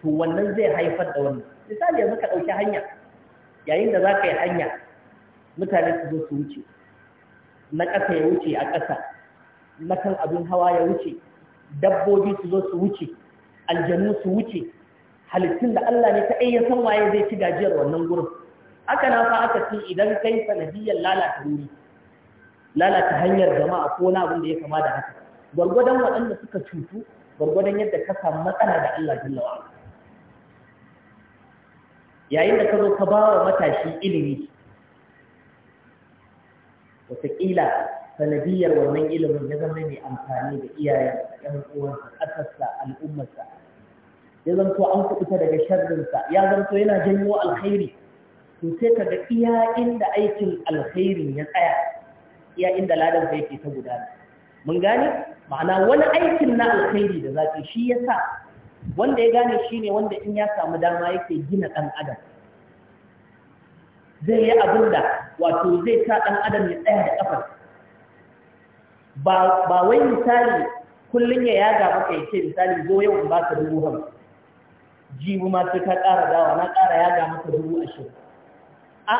to wannan zai haifar da wannan misali yanzu ka ɗauki hanya yayin da za ka yi hanya mutane su zo su wuce na ƙasa ya wuce a ƙasa na kan abin hawa ya wuce dabbobi su zo su wuce aljanu su wuce halittun da Allah ne ta ya san waye zai ci gajiyar wannan gurin aka na fa aka ce idan kai sanadiyar lalata wuri lalata hanyar jama'a ko na abin da ya kama da haka gwargwadon waɗanda suka cutu gwargwadon yadda ka samu matsala da Allah jalla wa yayin da ka zo ka ba wa matashi ilimi wataƙila sanadiyar wannan ilimin ya zama mai amfani da iyayensa ‘yan uwansa ƙasarsa al'ummarsa ya zanto an kuɓuta daga sharrinsa ya zanto yana janyo alkhairi to sai ka ga iya inda aikin alkhairin ya tsaya iya inda ladan ka yake ta gudana mun gane ma'ana wani aikin na alkhairi da zafi shi yasa wanda ya gane shine wanda in ya samu dama yake gina ɗan adam zai yi abin da wato zai sa ɗan adam ya tsaya da ƙafar ba wai misali kullum ya yaga maka ya ce misali zo yau in ba ka dubu hamsin jibu ma sai ka ƙara dawa na ƙara yaga maka dubu ashirin a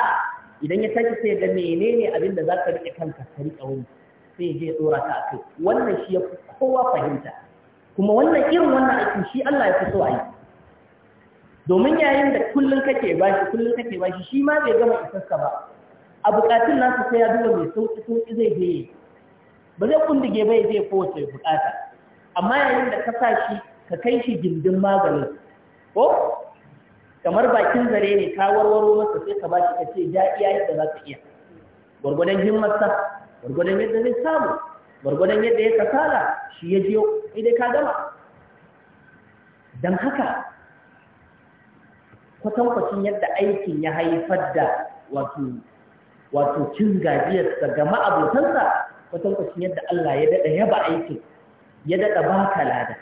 idan ya sake sai ga menene abin da za ka riƙe kanka ka riƙe wani sai ya je ya ɗora ka a kai wannan shi ya kowa fahimta kuma wannan irin wannan aikin shi Allah ya fi so a yi domin yayin da kullum kake bashi kullum kake bashi shi ma bai gama isarsa ba a bukatun nasu sai ya duba mai sauki sauki zai je ba zai kundige bai zai kowace bukata amma yayin da ka sa shi ka kai shi gindin maganin ko kamar bakin zare ne ka warwaro masa sai ka bashi ka ce ja iya yadda za ka iya gwargwadon himmarsa gwargwadon yadda zai samu gwargwadon yadda ya kasala shi ya jiyo idan ka gama don haka kwatankwacin yadda aikin ya haifar da wato cin gajiyarsa ga ma'abotansa kwatankwacin yadda Allah ya daɗa yaba aikin ya daɗa ba ka lada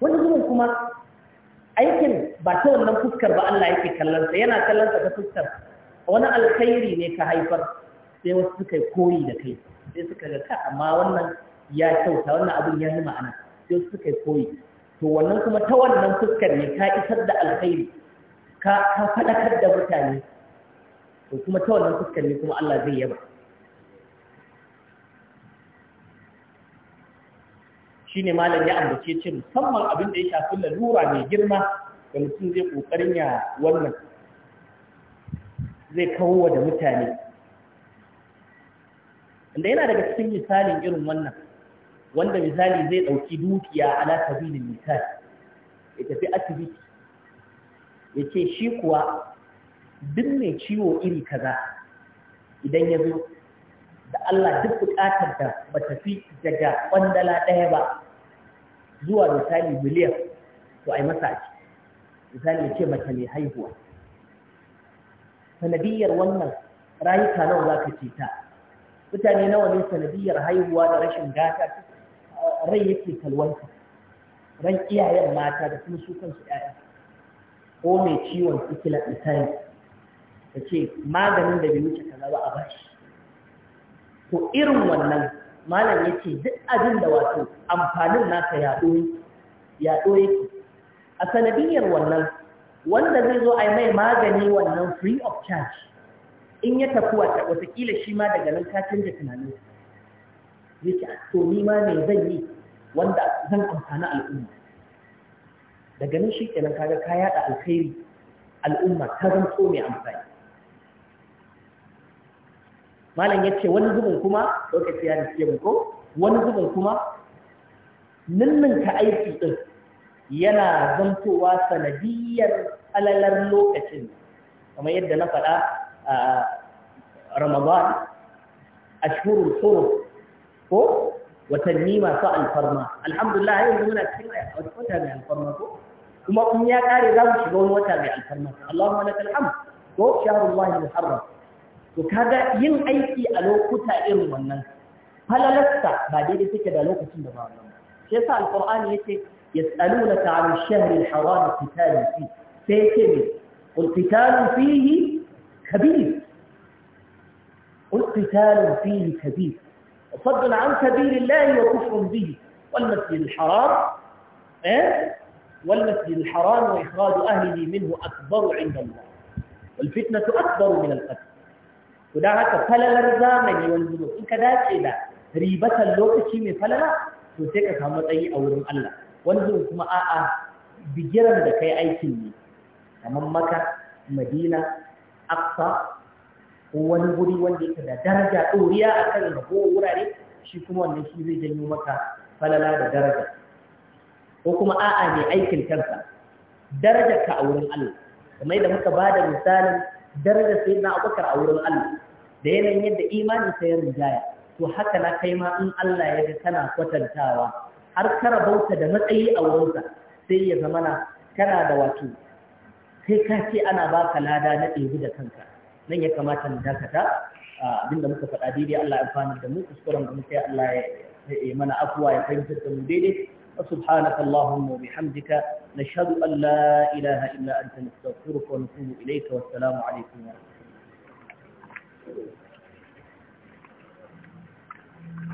wani zuwan kuma aikin ba ta wannan fuskar ba Allah yake kallonsa yana kallonsa ta fuskar wani alkhairi ne ka haifar sai wasu suka koyi da kai sai suka ga ka amma wannan ya kyauta wannan abin ya yi ma'ana sai suka koyi to wannan kuma ta wannan fuskar ne ka isar da alkhairi ka ka fadakar da mutane to kuma ta wannan fuskar ne kuma Allah zai yaba shine malam ya ambace cin musamman abin da ya shafi lalura mai girma da mutum zai kokarin ya wannan zai kawo da mutane inda yana daga cikin misalin irin wannan wanda misali zai ɗauki dukiya ala sabilin misali ya tafi asibiti ya ce shi kuwa duk mai ciwo iri kaza idan ya zo da Allah duk buƙatar da ba tafi daga ƙwandala ɗaya ba zuwa misali miliyan to a yi masa misali ya ce mata mai haihuwa sanadiyyar wannan rayuka nawa za ka ce ta mutane nawa ne sanadiyyar haihuwa da rashin gata rai yake kalwanta ran iyayen mata da kuma su kansu ƴaƴa ko mai ciwon sikila misali ta ce maganin da bai wuce kaza ba a bashi to irin wannan malam ya duk abin da wato amfanin naka yaɗo yaɗo yake a sanadiyar wannan wanda zai zo a yi mai magani wannan free of charge in ya tafi wata watakila shi ma daga nan ka canja tunaninsa yake to ni ma ne zan yi wanda zan amfani al'umma daga nan shi kenan kaga ka yada alkhairi al'umma ta zan so mai amfani malam ya ce wani zubin kuma lokaci ya rike mu ko wani zubin kuma ninninka aiki din yana zantowa sanadiyar alalar lokacin kamar yadda na faɗa a ramadan ashhurul ko watanni masu alfarma alhamdulillah yanzu muna cikin wata mai alfarma ko kuma in ya kare za mu shiga wani wata mai alfarma Allahumma lakal hamd ko shahrullahi al-muharram to kaga yin aiki a lokuta irin wannan falalasta ba daidai take da lokacin da ba wannan shi yasa alqur'ani yace yas'alunaka 'an ash-shahri al-haram qitalun fi sai yace ne qul qitalun fihi kabir qul qitalun fihi kabir وصد عن سبيل الله وكفر به والمسجد الحرام إيه؟ والمسجد الحرام وإخراج أهله منه أكبر عند الله والفتنة أكبر من القتل ودعك فللر زامني والذنوب إن كذا إلى ريبة اللوكة من فللا تسيك كامت أي أورم الله والذنوب كما آآ بجرم دكي أي سنين أمام مكة مدينة أقصى ko wani guri wanda yake da daraja ɗoriya a kan yabo wurare shi kuma wannan shi zai janyo maka falala da daraja ko kuma a'a ne aikin kansa daraja ka a wurin Allah kamar yadda muka ba da misalin daraja sai na abokar a wurin Allah da yanayin yadda imanin sa ya rinjaya to haka na kai ma in Allah ya ga kana kwatantawa har ka rabauta da matsayi a wurinsa sai ya zamana kana da wato sai ka ce ana baka lada na ɗebi da kanka nan ya kamata mu dakata abinda muka faɗa daidai Allah ya amfani da mu kuskuren da muka yi Allah ya mana afuwa ya fahimtar da mu daidai سبحانك اللهم وبحمدك نشهد أن لا إله إلا أنت نستغفرك ونتوب إليك والسلام عليكم ورحمة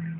الله